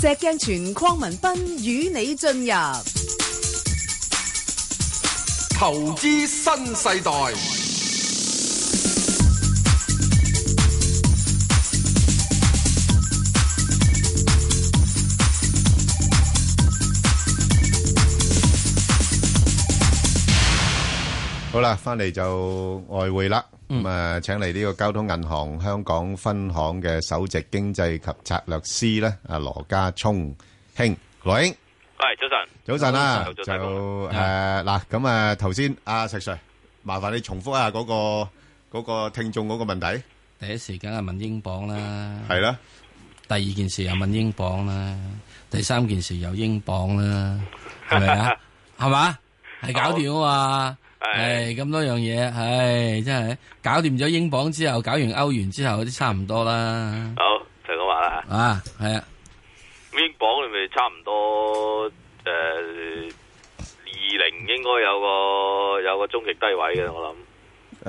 石鏡泉鄺文斌與你進入投資新世代。好啦，翻嚟就外匯啦。咁啊，請嚟呢個交通銀行香港分行嘅首席經濟及策略師咧，阿羅家聰兄羅英，係早晨，早晨啦，就誒嗱，咁啊頭先阿石 sir，麻煩你重複一下嗰個嗰個聽眾嗰個問題。第一時間梗係問英鎊啦，係啦，第二件事又問英鎊啦，第三件事又英鎊啦，係咪啊？係嘛，係搞掂啊嘛。係咁多樣嘢，唉，真係搞掂咗英鎊之後，搞完歐元之後，啲差唔多啦。好就咁話啦。啊，係啊。英鎊係咪差唔多誒，二零應該有個有個終極低位嘅，我諗。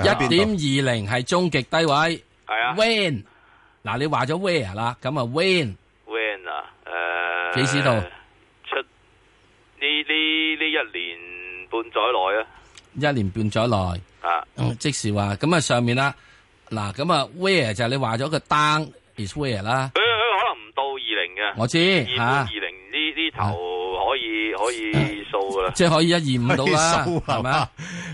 一點二零係終極低位。係啊。When 嗱，你話咗 when 啦，咁啊 when。when 啊，誒。幾時到？出呢？呢呢一年半載內啊？一年半咗內啊，即時話咁啊，上面啦嗱，咁啊，where 就係你話咗個 down is where 啦。可能唔到二零嘅，我知二五二零呢呢頭可以可以數噶啦。即係可以一二五到啦，係咪啊？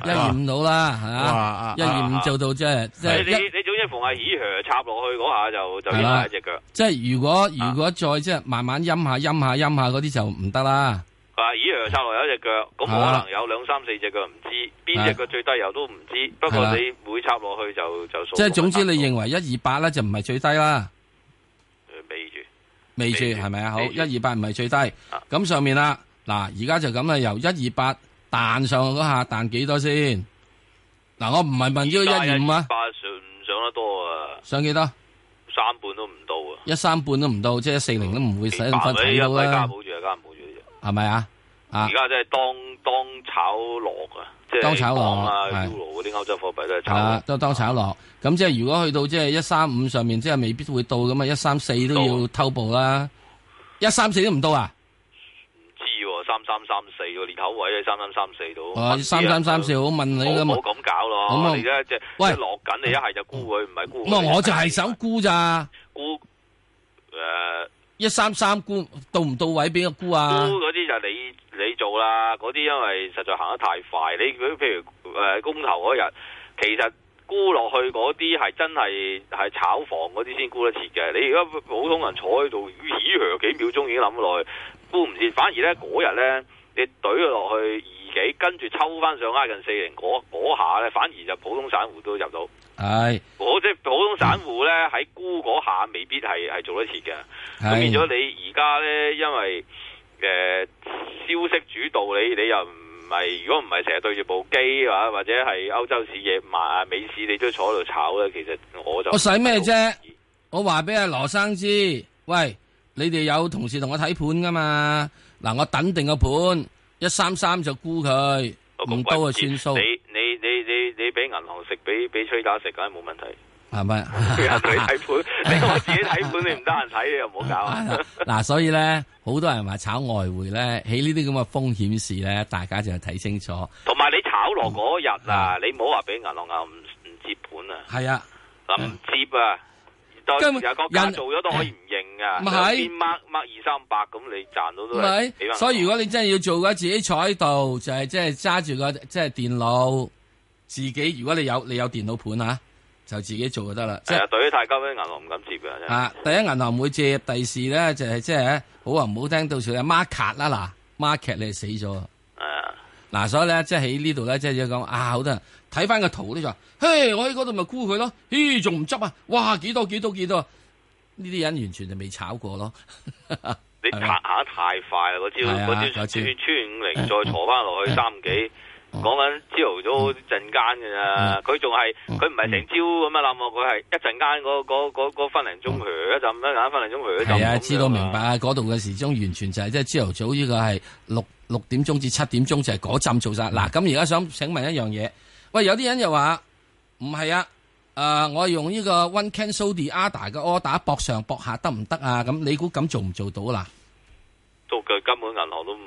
一二五到啦，係啊！一二五做到即係即係一。你你總之逢係 here 插落去嗰下就就拉一隻腳。即係如果如果再即係慢慢陰下陰下陰下嗰啲就唔得啦。啊！依樣插落有一隻腳，咁可能有兩三四隻腳，唔知邊隻腳最低油都唔知。不過你每插落去就就即係總之，你認為一二八咧就唔係最低啦。未住，未住係咪啊？好，一二八唔係最低。咁上面啦，嗱，而家就咁啦，由一二八彈上去嗰下彈幾多先？嗱，我唔係問呢個一二五啊。八上上得多啊！上幾多？三半都唔到啊！一三半都唔到，即係四零都唔會使咁快睇到啦。依家保住啊，保住係咪啊？而家真係當當炒落啊！即係當啊，歐羅嗰啲歐洲貨幣都係炒啊，都當炒落。咁即係如果去到即係一三五上面，即係未必會到咁啊！一三四都要偷步啦！一三四都唔到啊？唔知，三三三四個裂口位啊，三三三四都，三三三四，好問你咁，冇咁搞咯。我而家即係喂落緊你，一係就沽佢，唔係沽佢。唔係我就係想沽咋沽誒。一三三沽到唔到位，俾個沽啊？沽嗰啲就你你做啦，嗰啲因為實在行得太快。你譬如誒、呃，公投嗰日，其實沽落去嗰啲係真係係炒房嗰啲先沽得切嘅。你而家普通人坐喺度，以嘘幾秒鐘已經諗落去沽唔切，反而咧嗰日咧你懟落去二幾，跟住抽翻上挨近四零，嗰嗰下咧反而就普通散戶都入到。係，是我即係普通散戶咧，喺沽嗰下未必係係做得切嘅。咁變咗你而家咧，因為誒、呃、消息主導，你你又唔係如果唔係成日對住部機啊，或者係歐洲市嘢、美美市，你都坐喺度炒咧。其實我就我使咩啫？我話俾阿羅生知，喂，你哋有同事同我睇盤㗎嘛？嗱，我等定個盤，一三三就沽佢，用不多個算數。俾吹打食梗係冇問題，係咪？你睇盤，你我自己睇盤，你唔得閒睇，你又唔好搞。嗱，所以咧，好多人話炒外匯咧，喺呢啲咁嘅風險時咧，大家就睇清楚。同埋你炒落嗰日啊，你唔好話俾銀行啊唔唔接盤啊。係啊，嗱唔接啊，根本個價做咗都可以唔認啊。唔係，跌掹掹二三百咁，你賺到都係。唔係，所以如果你真係要做嘅，自己坐喺度就係即係揸住個即係電腦。自己如果你有你有電腦盤啊，就自己做就得啦。即係的、就是、對於家，高啲銀行唔敢接嘅、啊就是就是。啊，第一銀行唔會借入第二咧，就係即係，好話唔好聽到時啊孖卡啦嗱，孖卡你死咗。係嗱，所以咧即係喺呢度咧即係講啊，好多人睇翻個圖呢就，嘿我喺嗰度咪沽佢咯，咦仲唔執啊？哇幾多幾多幾多？呢啲人完全就未炒過咯。你卡下太快啦，嗰支嗰支穿五零再坐翻落去、啊、三幾。啊講緊朝頭早一陣間嘅啫，佢仲係佢唔係成朝咁樣諗，佢係一陣間嗰嗰嗰嗰分零鐘佢一陣，一陣分零鐘佢一陣。係啊，知道明白啊，嗰度嘅時鐘完全就係即係朝頭早呢個係六六點鐘至七點鐘就係嗰陣做晒。嗱，咁而家想請問一樣嘢，喂，有啲人又話唔係啊，誒，我用呢個 One Cancel the Other 嘅 order 搏上搏下得唔得啊？咁你估咁做唔做到啊？嗱，都佢根本銀行都唔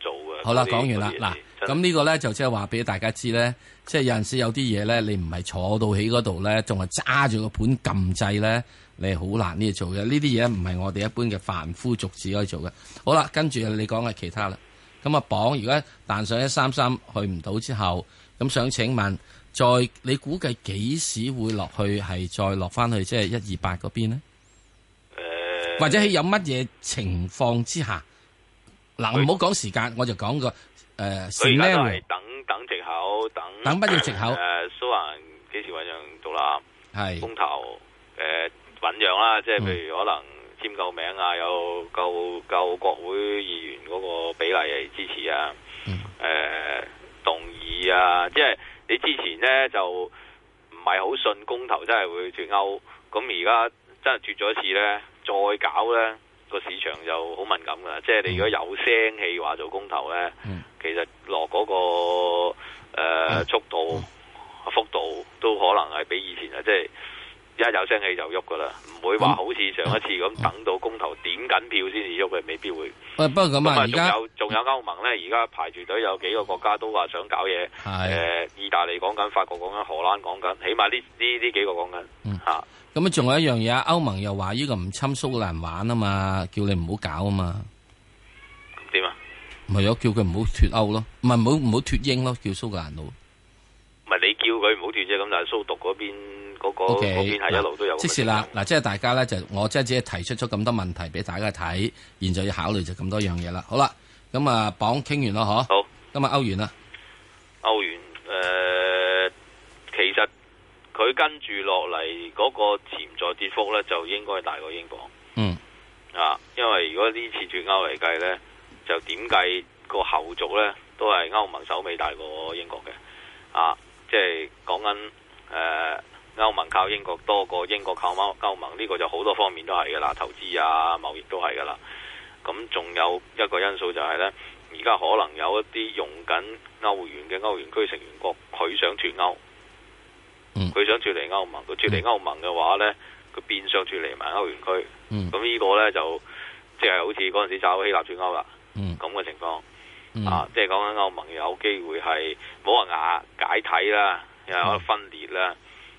做嘅。好啦，講完啦，嗱。咁呢個咧就即係話俾大家知咧，即係有陣時有啲嘢咧，你唔係坐到起嗰度咧，仲係揸住個盤撳掣咧，你係好難呢嘢做嘅。呢啲嘢唔係我哋一般嘅凡夫俗子可以做嘅。好啦，跟住你講嘅其他啦。咁啊，榜如果彈上一三三去唔到之後，咁想請問，再你估計幾時會落去？係再落翻去即係一二八嗰邊呢？誒，或者喺有乜嘢情況之下？嗱對，唔好講時間，我就講個。誒，而家都係等等藉口，等，等等乜嘢藉口。誒等，蘇雲幾時醞釀獨立？係是公投，誒、呃，醞釀啦，即係譬如可能簽夠名啊，有夠夠國會議員嗰個比例嚟支持啊，誒、嗯，動議、呃、啊，即係你之前咧就唔係好信公投真係會脫歐，咁而家真係脫咗一次咧，再搞咧。個市場就好敏感㗎喇，即係你如果有聲氣話做公投呢，其實落嗰個、那個、呃、速度、幅度都可能係比以前係即係。而家有聲氣就喐噶啦，唔會話好似上一次咁等到公投點緊票先至喐嘅，未必會。誒，不過咁啊，而家仲有仲有歐盟咧，而家排住隊有幾個國家都話想搞嘢，係，誒，意大利講緊，法國講緊，荷蘭講緊，起碼呢呢呢幾個講緊。吓，咁啊，仲有一樣嘢，歐盟又話呢個唔侵蘇格蘭玩啊嘛，叫你唔好搞啊嘛。點啊？咪如果叫佢唔好脫歐咯，唔係唔好唔好脫英咯，叫蘇格蘭佬。唔係你叫佢唔好斷啫，咁但係蘇獨嗰邊嗰、那個 okay，邊係一路都有即。即是啦，嗱，即係大家咧就我即係只係提出咗咁多問題俾大家睇，現在要考慮就咁多樣嘢啦。好啦，咁啊，榜傾完咯，嗬。好，咁啊，歐元啦，歐元誒、呃，其實佢跟住落嚟嗰個潛在跌幅咧，就應該大過英國。嗯啊，因為如果呢次斷歐嚟計咧，就點計個後續咧都係歐盟首尾大過英國嘅啊。即係講緊誒，歐盟靠英國多過英國靠歐、歐盟，呢個就好多方面都係嘅啦，投資啊、貿易都係嘅啦。咁仲有一個因素就係呢，而家可能有一啲用緊歐元嘅歐元區成員國，佢想脫歐。佢想脫離歐盟，佢脫離歐盟嘅話呢，佢變相脫離埋歐元區。嗯，咁呢個呢，就即係好似嗰陣時搞希臘脫歐啦。嗯。咁嘅情況。嗯、啊！即係講緊歐盟有機會係冇話瓦解體啦，又可能分裂啦。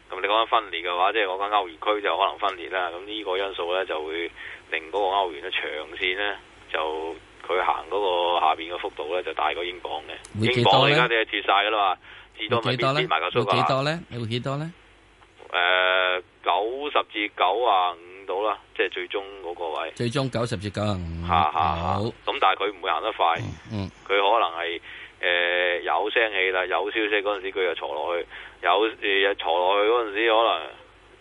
咁、嗯、你講緊分裂嘅話，即係我講緊歐元區就可能分裂啦。咁呢個因素咧就會令嗰個歐元嘅長線咧就佢行嗰個下邊嘅幅度咧就大過英鎊嘅。英鎊而家都係跌晒噶啦嘛，至多咪跌埋個水平。你會幾多咧？跌幾多咧？誒，九十至九啊到啦，即係最終嗰個位。最終九十至九十五。下下好，咁但係佢唔會行得快。嗯，佢可能係誒有聲氣啦，有消息嗰陣時佢又坐落去，有誒挫落去嗰陣時可能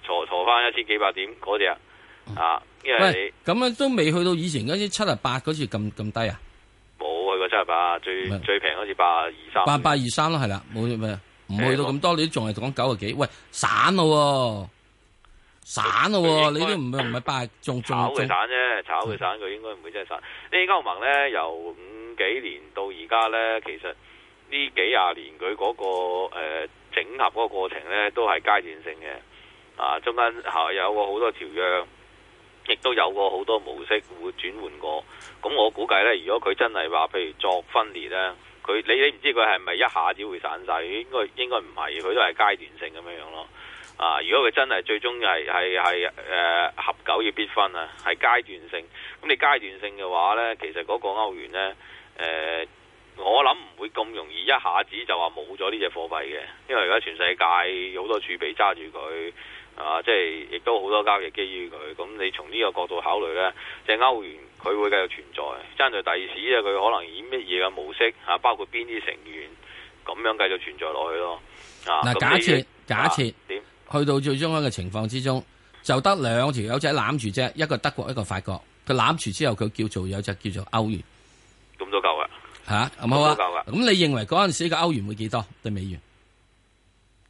坐挫翻一千幾百點嗰隻啊。因為咁樣都未去到以前嗰啲七十八嗰次咁咁低啊。冇啊，個七十八最最平嗰次八二三。八八二三啦，係啦，冇咩唔去到咁多，你都仲係講九十幾？喂，散咯。散咯、啊，該你都唔唔係八，仲炒佢散啫，炒佢散佢應該唔會真係散。呢個歐盟呢，由五幾年到而家呢，其實呢幾廿年佢嗰、那個、呃、整合嗰個過程呢，都係階段性嘅。啊，中間下有過好多條約，亦都有過好多模式會轉換過。咁我估計呢，如果佢真係話譬如作分裂呢，佢你你唔知佢係咪一下子會散晒，應該應該唔係，佢都係階段性咁樣樣咯。啊！如果佢真係最終係係係誒合久要必分啊，係階段性咁。你階段性嘅話呢，其實嗰個歐元呢，誒、呃，我諗唔會咁容易一下子就話冇咗呢隻貨幣嘅，因為而家全世界有好多儲備揸住佢啊，即係亦都好多交易基於佢。咁你從呢個角度考慮呢，即係歐元佢會繼續存在，爭在第二時呢，佢可能以乜嘢嘅模式、啊、包括邊啲成員咁樣繼續存在落去咯。嗱，假設、啊、假設點？去到最終一個情況之中，就得兩條友仔攬住啫，一個德國一個法國，佢攬住之後佢叫做有隻叫做歐元，咁都夠啦吓，咁好啊，夠啦，咁你認為嗰陣時個歐元會幾多對美元？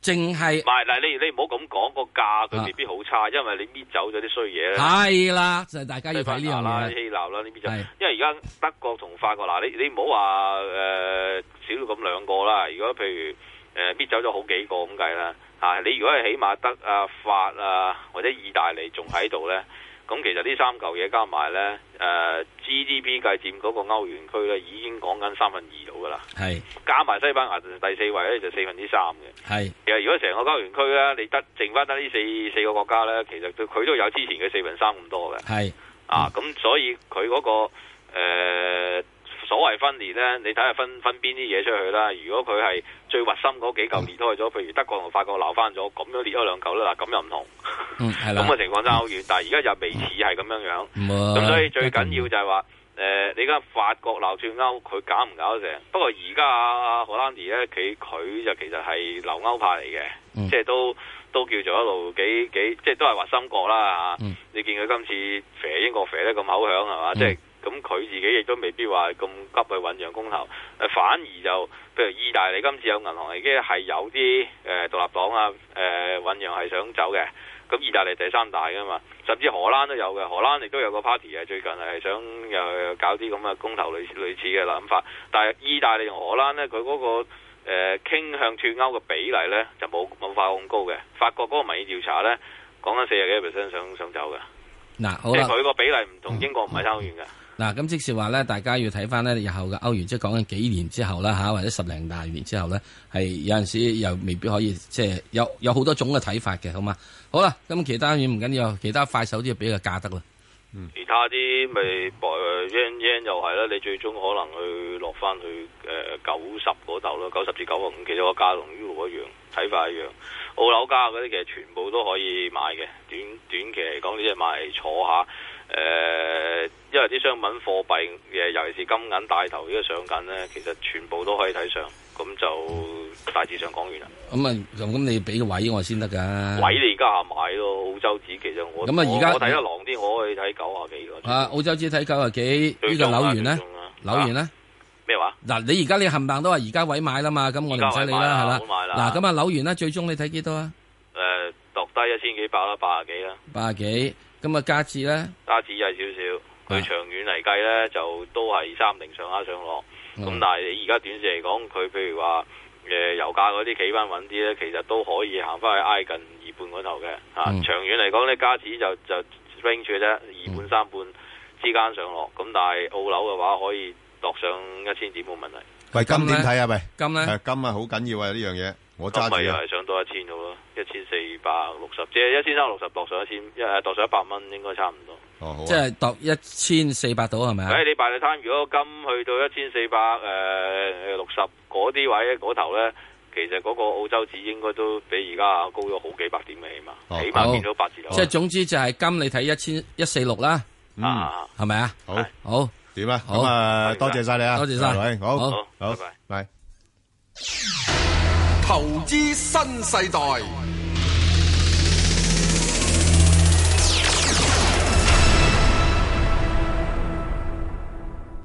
淨係唔係嗱？你你唔好咁講個價，佢未必好差，因為你搣走咗啲衰嘢咧，係啦，就大家要睇呢啲啦，希臘啦呢啲就，因為而家德國同法國嗱，你你唔好話誒少咗咁兩個啦，如果譬如誒搣走咗好幾個咁計啦。啊！你如果係起碼得啊法啊或者意大利仲喺度呢，咁其實三呢三嚿嘢加埋呢誒 GDP 計佔嗰個歐元區呢，已經講緊三分二度噶啦。是加埋西班牙第四位呢，就四分之三嘅。是其實如果成個歐元區呢，你得剩翻得呢四四個國家呢，其實佢都有之前嘅四分三咁多嘅。是啊，咁所以佢嗰、嗰個、呃所謂分裂咧，你睇下分分邊啲嘢出去啦。如果佢係最核心嗰幾嚿裂開咗，嗯、譬如德國同法國鬧翻咗，咁樣裂開兩嚿啦嗱，咁又唔同。咁嘅、嗯、 情況差好遠，嗯、但係而家又未似係咁樣樣。咁、嗯嗯、所以最緊要就係話，誒、嗯呃、你而家法國鬧串歐，佢搞唔搞得成？不過而家啊荷蘭迪咧，佢佢就其實係留歐派嚟嘅，即係、嗯、都都叫做一路幾幾，即、就、係、是、都係核心國啦嚇。嗯、你見佢今次肥英國肥得咁口響係嘛？即、嗯咁佢自己亦都未必話咁急，急去醞釀公投，反而就譬如意大利今次有銀行已經係有啲誒獨立黨啊誒醖、呃、釀係想走嘅。咁意大利第三大噶嘛，甚至荷蘭都有嘅，荷蘭亦都有個 party 啊，最近係想又搞啲咁嘅公投類似，類似嘅諗法。但係意大利同荷蘭呢，佢嗰、嗰個誒、呃、傾向脱歐嘅比例呢，就冇冇法咁高嘅。法國嗰個民意調查呢，講緊四十幾 percent 想想走嘅，即係佢個比例唔同英國唔係差好遠嘅。嗯嗯嗱，咁即是話咧，大家要睇返咧，日後嘅歐元，即係講緊幾年之後啦，嚇，或者十零大年之後咧，係有陣時又未必可以，即係有有好多種嘅睇法嘅，好嘛？好啦，咁其他嘢唔緊要，其他快手啲就俾個價得啦。嗯，其他啲咪 y 又係啦，你最終可能去落返去誒九十嗰度咯，九十至九十五，95, 其實個價同呢度一樣，睇法一樣。澳樓價嗰啲其實全部都可以買嘅，短短期嚟講，呢隻買坐下、呃因為啲商品貨幣嘅，尤其是金銀大頭呢個上緊咧，其實全部都可以睇上，咁就大致上講完啦。咁啊，咁你俾個位我先得噶。位你家下買咯，澳洲紙其實我我睇得浪啲，我可以睇九啊幾個。啊，澳洲紙睇九啊幾？最終扭完咧，扭完咧，咩話？嗱，你而家你冚唪唥都話而家位買啦嘛，咁我唔使你啦，係啦。嗱，咁啊扭完咧，最終你睇幾多啊？誒，落低一千幾百啦，八啊幾啦。八啊幾？咁啊加至咧？加至細少少。佢長遠嚟計咧，就都係三零上下上落。咁、嗯、但係你而家短線嚟講，佢譬如話誒油價嗰啲企翻穩啲咧，其實都可以行翻去挨近二半嗰頭嘅。嚇、啊，嗯、長遠嚟講咧，加紙就就 range 住啫，二半三半之間上落。咁、嗯、但係澳樓嘅話，可以度上一千點冇問題。喂，金點睇啊？喂，金咧，金啊，好緊要啊！呢樣嘢。我唔係又係上多一千到咯，一千四百六十，即係一千三六十，度上一千，一剁上一百蚊，應該差唔多。即係度一千四百到，係咪啊？喂，你擺你攤，如果金去到一千四百，誒六十嗰啲位嗰頭咧，其實嗰個澳洲紙應該都比而家高咗好幾百點嘅起碼，起碼變咗八百字。即係總之就係金，你睇一千一四六啦，啊，係咪啊？好，好點啊？好啊！多謝晒你啊！多謝晒！好，好，拜拜。投資新世代，係、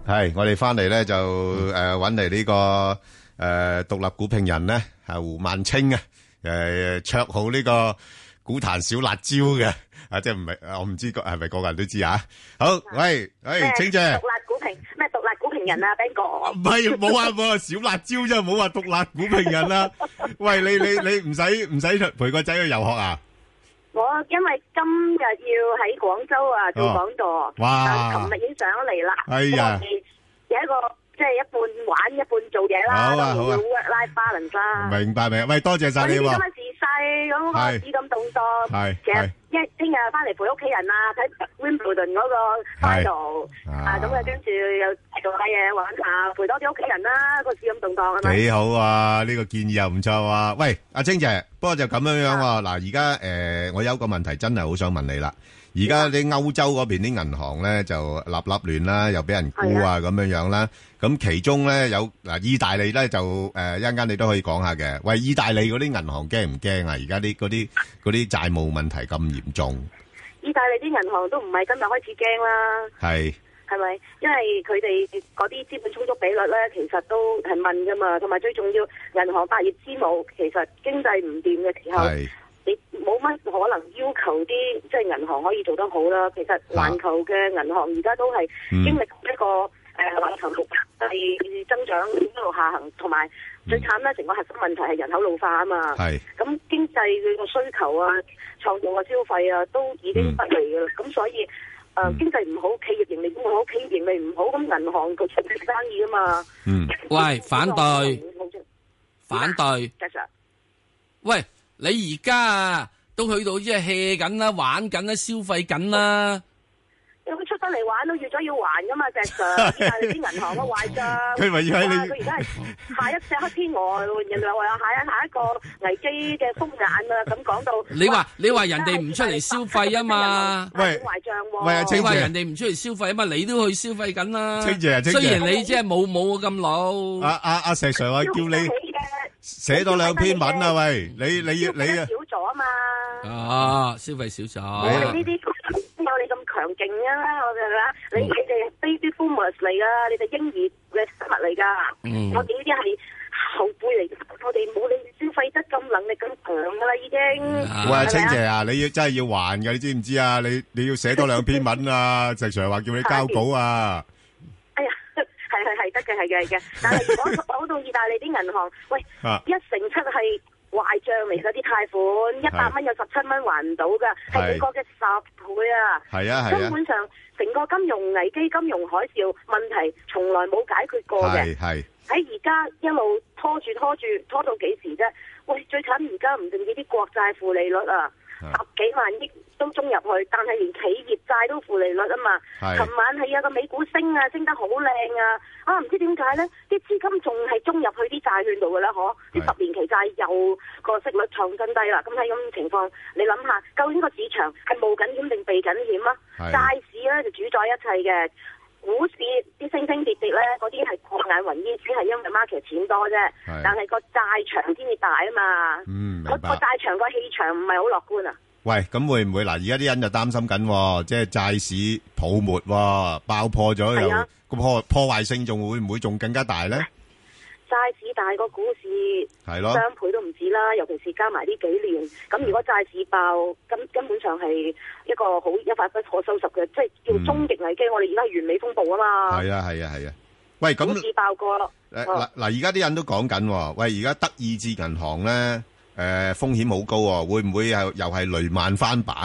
哎、我哋翻嚟咧就誒揾嚟呢個誒獨、呃、立股評人咧係、啊、胡孟青啊，誒綽號呢個股壇小辣椒嘅啊，即係唔係我唔知道是不是個係咪個個人都知啊？好，喂喂，麼清姐聰。人啊，邊個？唔係，冇啊，冇啊，小辣椒啫，冇話毒辣股評人啦。喂，你你你唔使唔使陪個仔去遊學啊？我因為今日要喺廣州啊做講座，哇！琴日已經上嚟啦。哎呀，有一個。即係一半玩一半做嘢啦，好啊，好啊，work-life balance。明白，明白。喂，多謝晒你喎。你今日自細咁個資金動盪，係其實一聽日翻嚟陪屋企人啊，睇 Wimbledon 嗰個 final，啊，咁啊跟住又做下嘢玩下，陪多啲屋企人啦，個資金動盪啊嘛。幾好啊，呢個建議又唔錯啊。喂，阿青姐，不過就咁樣樣啊。嗱，而家誒，我有一個問題真係好想問你啦。而家啲歐洲嗰邊啲銀行咧就立立亂啦，又俾人沽啊咁樣樣啦。咁其中咧有嗱，意大利咧就誒一陣間，你都可以講下嘅。喂，意大利嗰啲銀行驚唔驚啊？而家啲嗰啲嗰啲債務問題咁嚴重。意大利啲銀行都唔係今日開始驚啦，係係咪？因為佢哋嗰啲資本充足比率咧，其實都係問噶嘛。同埋最重要，銀行百業之母，其實經濟唔掂嘅時候。你冇乜可能要求啲即係銀行可以做得好啦。其實環球嘅銀行而家都係經歷一個誒環、嗯呃、球速遞增長一路下行，同埋最慘咧，成、嗯、個核心問題係人口老化啊嘛。係咁是經濟佢個需求啊、創造消費啊、消費啊都已經不利噶啦。咁、嗯、所以誒、呃、經濟唔好，企業盈利唔好，企業盈利唔好，咁銀行個做咩生意啊嘛？嗯，喂，反對，樣反對，其實、喂。你而家啊，都去到即係 hea 緊啦、玩緊啦、消費緊啦。咁出得嚟玩都預咗要還噶嘛，石 Sir，依家係啲銀行個壞賬。佢而家係下一隻黑天鵝，人哋話下下下一個危機嘅風眼啊！咁講到你話，你話人哋唔出嚟消費啊嘛？喂，壞賬喎，喂啊，請住。你話人哋唔出嚟消費啊嘛？你都去消費緊啦。請住啊，請住。雖然你即係冇冇咁老。阿阿阿石 Sir 話叫你。寫多兩篇文啊喂，你你你少咗啊嘛，啊消費少咗，我哋呢啲有你咁強勁啊，係咪啊？你你哋 baby boomers 嚟噶，你哋嬰兒嘅生物嚟噶，我哋呢啲係後輩嚟，我哋冇你消費得咁能力咁強噶啦已經。喂，青姐啊，你要真係要還嘅，你知唔知啊？你你要寫多兩篇文啊，成日話叫你交稿啊。得嘅係嘅係嘅，但係如果講到意大利啲銀行， 喂，一成七係壞帳嚟嗰啲貸款，一百蚊有十七蚊還唔到嘅，係美國嘅十倍啊！係啊，根本上成個金融危機、金融海嘯問題從來冇解決過嘅，係喺而家一路拖住拖住拖，拖到幾時啫？喂，最慘而家唔定係啲國債負利率啊！十幾萬億都中入去，但係連企業債都負利率啊嘛。琴是晚係有個美股升啊，升得好靚啊！啊，唔知點解呢啲資金仲係中入去啲債券度嘅啦，嗬？啲是十年期債又個息率創新低啦。咁喺咁情況，你諗下，究竟個市場係冒緊險定避緊險啊？債是市呢就主宰一切嘅。股市啲升升跌跌咧，嗰啲係過眼雲煙，只係因為 market 錢多啫。的但係個債場先至大啊嘛。嗯，明白。個債場個氣場唔係好樂觀啊。喂，咁會唔會嗱？而家啲人就擔心緊，即係債市泡沫爆破咗，又個的破破壞性仲會唔會仲更加大咧？債市，大過個股市雙倍都唔止啦，尤其是加埋呢幾年。咁如果債市爆，根根本上係一個好一發不可收拾嘅，即係叫終極危機。我哋而家係完美風暴啊嘛。係啊係啊係啊，喂，咁市爆過啦。嗱嗱，而家啲人都講緊，喂，而家德意志銀行咧，誒，風險好高，會唔會又又係雷曼翻版？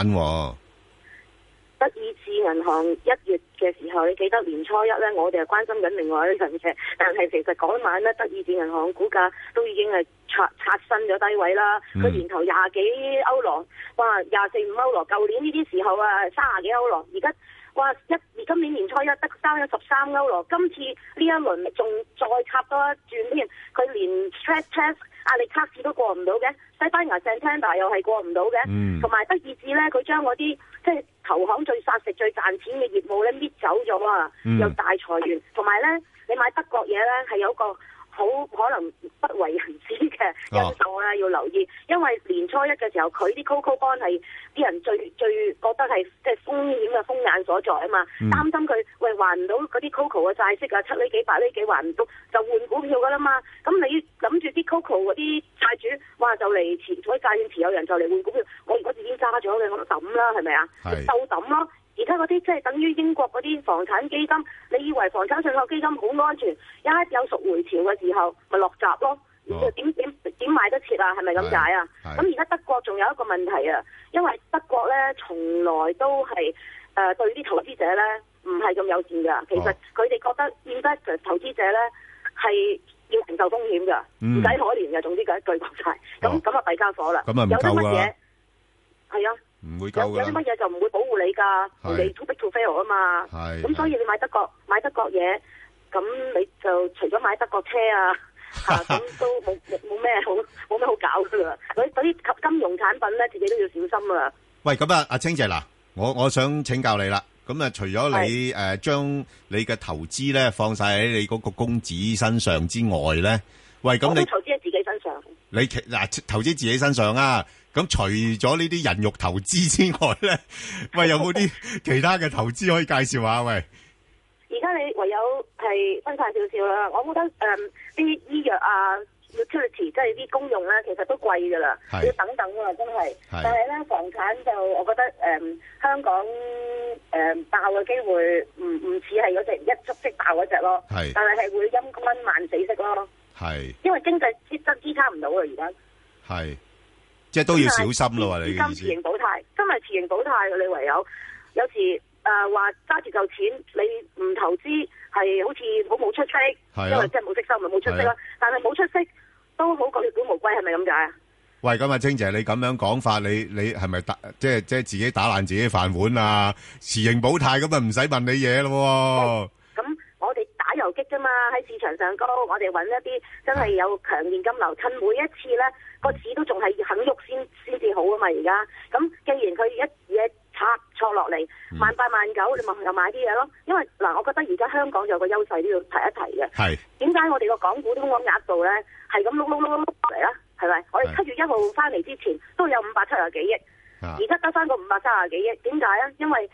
銀行一月嘅時候，你記得年初一咧，我哋係關心緊另外一啲嘅嘢。但係其實嗰晚咧，德意志銀行股價都已經係刷刷新咗低位啦。佢、嗯、年頭廿幾歐羅，哇，廿四五歐羅。舊年呢啲時候啊，卅幾歐羅，而家哇，一今年年初一得三、十三歐羅。今次呢一輪仲再插多一轉添，佢連 stress test 壓力測試都過唔到嘅，西班牙 Santander 又係過唔到嘅，同埋德意志咧，佢將嗰啲即係。投行最殺食最賺錢嘅業務咧搣走咗啊，又有大裁員同埋咧你買德國嘢咧係有個好可能不為人知。嘅因素啦，哦、要留意，因為年初一嘅時候，佢啲 Coco Bond 係啲人最最覺得係即係風險嘅風眼所在啊嘛，擔、嗯、心佢喂還唔到嗰啲 Coco 嘅債息啊，七厘幾八厘幾還唔到，就換股票噶啦嘛，咁你諗住啲 Coco 嗰啲債主，哇就嚟遲啲債券持有人就嚟換股票，我如果自己揸咗嘅，咁抌啦係咪啊？就抌咯，而家嗰啲即係等於英國嗰啲房產基金，你以為房產信託基金好安全，有一有贖回潮嘅時候咪落閘咯。點點點買得切啊？係咪咁解啊？咁而家德國仲有一個問題啊，因為德國咧從來都係誒對啲投資者咧唔係咁友善噶。其實佢哋覺得應該投資者咧係要承受風險噶，唔使可憐噶，總之佢一句話曬。咁咁啊，弊傢伙啦，有啲乜嘢？係啊，唔會有啲乜嘢就唔會保護你㗎，你 too big to fail 啊嘛。係。咁所以你買德國買德國嘢，咁你就除咗買德國車啊。吓咁，啊、都冇冇咩好冇咩好搞噶啦。嗰啲啲金融產品咧，自己都要小心啊！喂，咁啊，阿青姐嗱，我我想請教你啦。咁啊，除咗是、呃、你誒將你嘅投資咧放晒喺你嗰個公子身上之外咧，喂，咁你投資喺自己身上？你嗱、啊、投資自己身上啊！咁除咗呢啲人肉投資之外咧，喂，有冇啲其他嘅投資可以介紹下？喂？而家你唯有係分散少少啦，我覺得誒啲、嗯、醫藥啊、utilities 即係啲公用呢、啊，其實都貴㗎喇。是要等等啊，真係。是但係呢，房產就我覺得誒、嗯、香港誒、嗯、爆嘅機會唔似係嗰隻一觸即爆嗰隻囉，是但係係會陰君慢死息囉。係是因為經濟資質支撐唔到啊，而家係即係都要小心咯、啊。是你今時仍保泰，真係持盈保泰，你唯有有時。誒，話揸住嚿錢，你唔投資係好似好冇出息，啊、因為即係冇息收咪冇出息咯。啊、但係冇出息都好過血本無歸，係咪咁解啊？喂，咁啊，青姐，你咁樣講法，你你係咪打即係即係自己打爛自己飯碗啊？持盈保泰咁啊，唔使問你嘢咯。咁我哋打游擊噶嘛，喺市場上高，我哋搵一啲真係有強現金流，趁每一次咧個市都仲係肯喐先先至好啊嘛。而家咁既然佢一嘢。拍錯落嚟，萬八萬九，你咪又買啲嘢咯。因為嗱，我覺得而家香港有個優勢都要提一提嘅。係點解我哋個港股咁個額度咧，係咁碌碌碌碌落嚟啦，係咪？我哋七月一號翻嚟之前都有五百七十幾億，而家得翻個五百三十幾億？點解啊？因為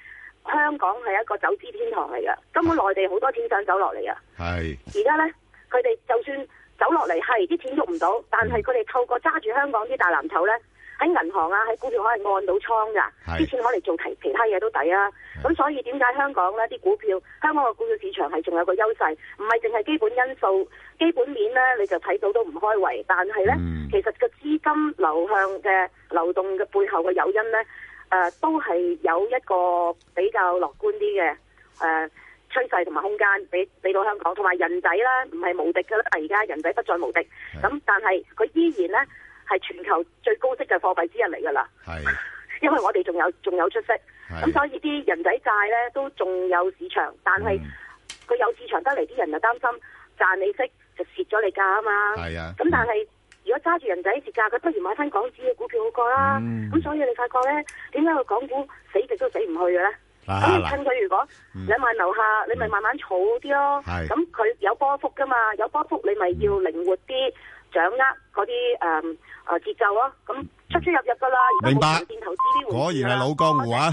香港係一個走資天堂嚟嘅，根本內地好多錢想走落嚟啊。係而家咧，佢哋就算走落嚟係啲錢喐唔到，但係佢哋透過揸住香港啲大藍籌咧。喺銀行啊，喺股票可能按到倉噶，之前是可能做其其他嘢都抵啊。咁是所以點解香港呢啲股票，香港嘅股票市場係仲有一個優勢，唔係淨係基本因素、基本面呢，你就睇到都唔開胃。但係呢，嗯、其實個資金流向嘅流動嘅背後嘅誘因呢，誒、呃、都係有一個比較樂觀啲嘅誒趨勢同埋空間俾俾到香港。同埋人仔呢唔係無敵噶啦，但而家人仔不再無敵。咁但係佢依然呢。係全球最高息嘅貨幣之一嚟噶啦，因為我哋仲有仲有出息，咁是的 所以啲人仔債咧都仲有市場，但係佢有市場得嚟啲人又擔心賺你息就蝕咗你價啊嘛，咁是的 但係如果揸住人仔折價，佢不如買翻港紙嘅股票好過啦。咁、嗯、所以你發覺咧，點解佢港股死極都死唔去嘅咧？咁、啊啊、你趁佢如果兩萬樓下，你咪慢慢儲啲咯。咁佢是的 有波幅噶嘛，有波幅你咪要靈活啲。嗯掌握嗰啲誒誒節奏，咁、啊、出出入入噶啦，而家實戰投資，果然係老江湖啊。Okay.